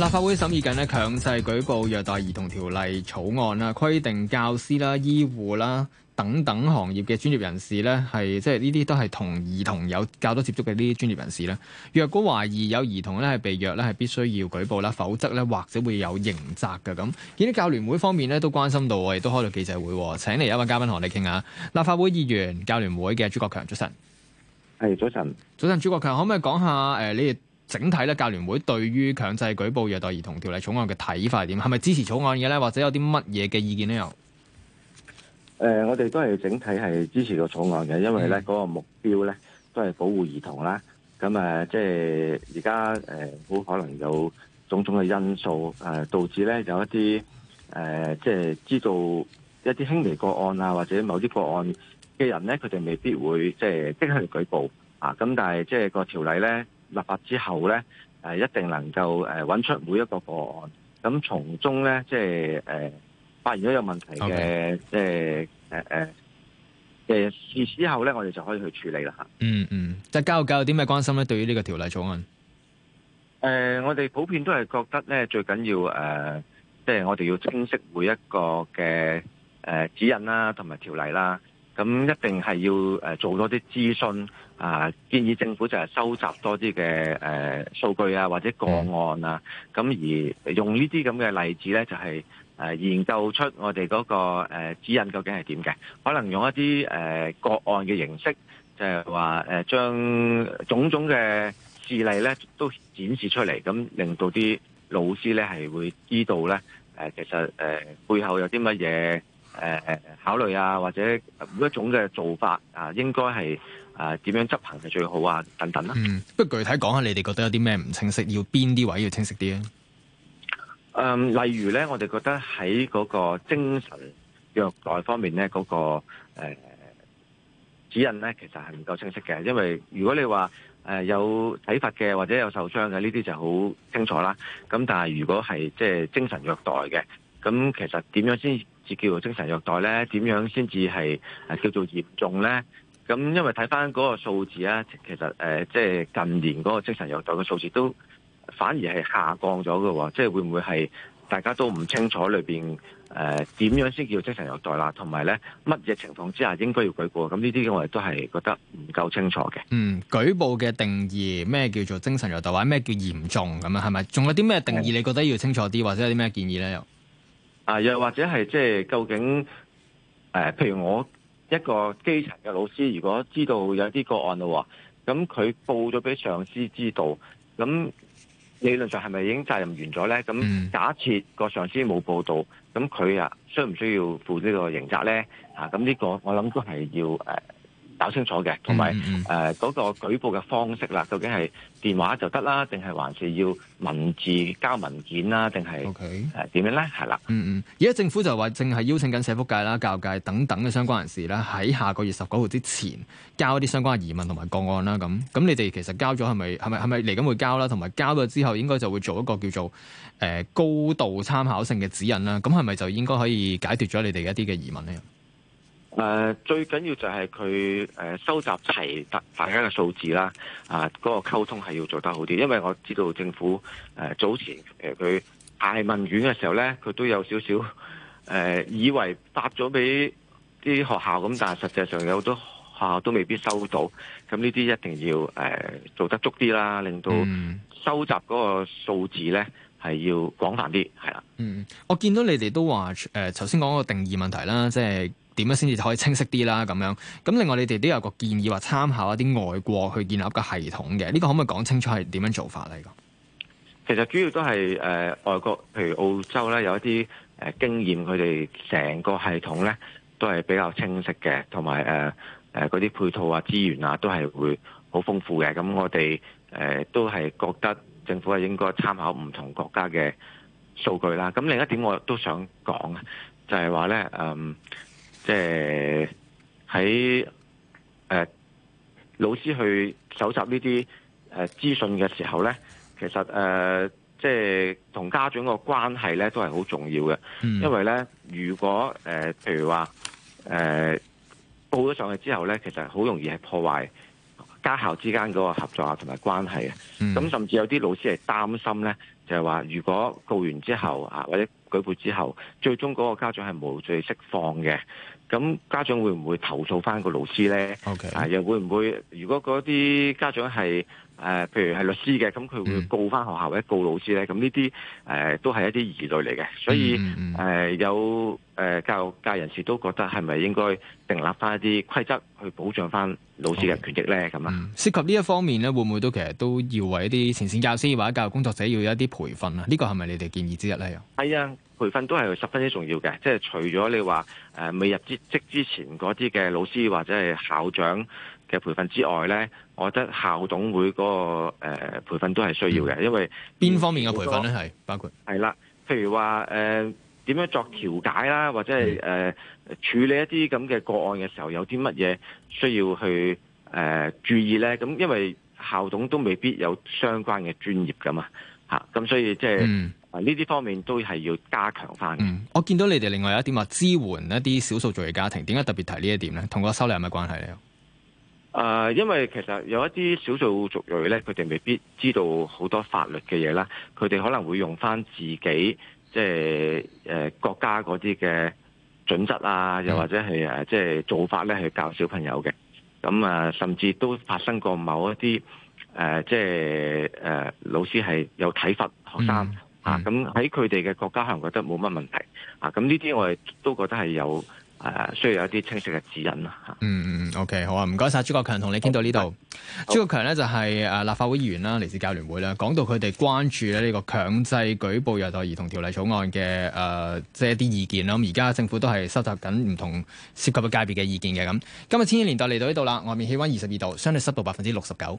立法會審議緊咧，強制舉報虐待兒童條例草案啦，規定教師啦、醫護啦等等行業嘅專業人士呢，係即係呢啲都係同兒童有較多接觸嘅呢啲專業人士呢。若果懷疑有兒童呢係被虐呢，係必須要舉報啦，否則呢或者會有刑責嘅。咁，啲教聯會方面呢都關心到，我哋都開到記者會，請嚟一位嘉賓同我哋傾下。立法會議員教聯會嘅朱國強，早晨。係早晨。早晨，朱國強，可唔可以講下誒、呃？你哋？整體咧，教聯會對於強制舉報虐待兒童條例草案嘅睇法係點？係咪支持草案嘅咧？或者有啲乜嘢嘅意見呢？又誒、呃，我哋都係整體係支持個草案嘅，因為咧嗰、嗯、個目標咧都係保護兒童啦。咁誒、呃，即係而家誒，好、呃、可能有種種嘅因素誒、呃，導致咧有一啲誒、呃，即係知道一啲輕微個案啊，或者某啲個案嘅人咧，佢哋未必會即係即刻去舉報啊。咁但係即係、這個條例咧。立法之後咧，誒、呃、一定能夠誒揾、呃、出每一個個案，咁從中咧，即係誒、呃、發現咗有問題嘅，Okay. 即係誒誒誒事之後咧，我哋就可以去處理啦嚇。嗯嗯，即係教育界有啲咩關心咧？對於呢個條例草案，誒、呃、我哋普遍都係覺得咧，最緊要誒、呃，即係我哋要清晰每一個嘅誒、呃、指引啦，同埋條例啦。咁一定係要誒做多啲諮詢啊，建議政府就係收集多啲嘅誒數據啊，或者個案啊，咁而用呢啲咁嘅例子咧，就係、是、誒、呃、研究出我哋嗰、那個、呃、指引究竟係點嘅？可能用一啲誒個案嘅形式，就係話誒將種種嘅事例咧都展示出嚟，咁令到啲老師咧係會知道咧誒、呃，其實誒、呃、背後有啲乜嘢。誒誒、呃，考慮啊，或者每一種嘅做法啊，應該係誒點樣執行係最好的啊，等等啦、啊。嗯，不過具體講下，你哋覺得有啲咩唔清晰，要邊啲位要清晰啲咧？嗯、呃，例如咧，我哋覺得喺嗰個精神虐待方面咧，嗰個誒、呃、指引咧，其實係唔夠清晰嘅。因為如果你話誒、呃、有體罰嘅，或者有受傷嘅呢啲就好清楚啦。咁但係如果係即係精神虐待嘅，咁其實點樣先？叫精神虐待咧，點樣先至係叫做嚴重咧？咁因為睇翻嗰個數字啊，其實誒，即係近年嗰個精神虐待嘅數字都反而係下降咗嘅喎，即係會唔會係大家都唔清楚裏邊誒點樣先叫精神虐待啦？同埋咧，乜嘢情況之下應該要舉報？咁呢啲我哋都係覺得唔夠清楚嘅。嗯，舉報嘅定義，咩叫做精神虐待，或者咩叫嚴重咁樣，係咪？仲有啲咩定義？你覺得要清楚啲，或者有啲咩建議咧？又？啊，又或者係即係究竟誒、呃，譬如我一個基層嘅老師，如果知道有啲個案啦，咁佢報咗俾上司知道，咁理論上係咪已經責任完咗咧？咁假設個上司冇報道，咁佢啊需唔需要負呢個刑責咧？吓、啊，咁呢個我諗都係要誒。呃搞清楚嘅，同埋誒嗰個舉報嘅方式啦，究竟係電話就得啦，定係還是要文字交文件啦，定係誒點樣咧？係啦、嗯，嗯嗯，而家政府就話正係邀請緊社福界啦、教界等等嘅相關人士啦，喺下個月十九號之前交一啲相關嘅疑問同埋個案啦。咁咁，你哋其實交咗係咪係咪係咪嚟緊會交啦？同埋交咗之後，應該就會做一個叫做誒、呃、高度參考性嘅指引啦。咁係咪就應該可以解決咗你哋一啲嘅疑問咧？誒、呃，最緊要就係佢誒收集齊大大家嘅數字啦，啊、呃，嗰、那個溝通係要做得好啲，因為我知道政府誒、呃、早前誒佢嗌問卷嘅時候咧，佢都有少少誒、呃、以為發咗俾啲學校咁，但係實際上有好多學校都未必收到，咁呢啲一定要誒、呃、做得足啲啦，令到收集嗰個數字咧係要廣泛啲，係啦。嗯，我見到你哋都話誒，頭先講個定義問題啦，即係。點樣先至可以清晰啲啦？咁樣咁，另外你哋都有個建議話參考一啲外國去建立個系統嘅，呢、這個可唔可以講清楚係點樣做法嚟嘅？其實主要都係誒、呃、外國，譬如澳洲咧有一啲誒、呃、經驗，佢哋成個系統咧都係比較清晰嘅，同埋誒誒嗰啲配套啊、資源啊都係會好豐富嘅。咁我哋誒、呃、都係覺得政府係應該參考唔同國家嘅數據啦。咁另一點我都想講，就係話咧誒。呃即係喺誒老師去搜集呢啲誒資訊嘅時候咧，其實誒、呃、即係同家長個關係咧都係好重要嘅。因為咧，如果誒、呃、譬如話誒、呃、報咗上去之後咧，其實好容易係破壞家校之間嗰個合作啊同埋關係啊。咁甚至有啲老師係擔心咧。就係話，如果告完之後啊，或者舉報之後，最終嗰個家長係無罪釋放嘅，咁家長會唔會投訴翻個老師咧？Okay. 啊，又會唔會如果嗰啲家長係誒、呃，譬如係律師嘅，咁佢會告翻學校或者、嗯、告老師咧，咁呢啲誒都係一啲疑慮嚟嘅。所以誒、嗯嗯呃，有誒教育界人士都覺得，係咪應該訂立翻一啲規則去保障翻老師嘅權益咧？咁啊、嗯嗯，涉及呢一方面咧，會唔會都其實都要為一啲前線教師或者教育工作者要有一啲培訓啊？呢、呢個係咪你哋建議之一咧？又係啊，培訓都係十分之重要嘅。即係除咗你話誒、呃、未入職之前嗰啲嘅老師或者係校長嘅培訓之外咧。我覺得校董會嗰、那個、呃、培訓都係需要嘅，因為邊方面嘅培訓咧係包括係啦，譬如話誒點樣作調解啦，或者係誒、呃、處理一啲咁嘅個案嘅時候有啲乜嘢需要去誒、呃、注意咧？咁因為校董都未必有相關嘅專業噶嘛，嚇、啊、咁所以即係呢啲方面都係要加強翻嘅、嗯。我見到你哋另外有一點話支援一啲少數族裔家庭，點解特別提呢一點咧？同個修例有咩關係咧？啊、呃，因為其實有一啲少數族裔咧，佢哋未必知道好多法律嘅嘢啦，佢哋可能會用翻自己即係誒、呃、國家嗰啲嘅準則啊，又或者係誒即係做法咧，去教小朋友嘅。咁、嗯、啊，甚至都發生過某一啲誒、呃、即係誒、呃、老師係有體罰學生、嗯、啊。咁喺佢哋嘅國家可能覺得冇乜問題啊。咁呢啲我哋都覺得係有。誒需要有一啲清晰嘅指引嗯嗯 OK 好啊，唔該晒。哦、朱國強，同你傾到呢度。朱國強咧就係立法會議員啦，嚟好自教聯會啦。講到佢哋關注咧呢個強制舉報虐待兒童條例草案嘅誒，即、呃、係、就是、一啲意見啦。咁而家政府都係收集緊唔同涉及嘅界別嘅意見嘅咁。今日千禧年代嚟到呢度啦，外面氣温二十二度，相對濕度百分之六十九。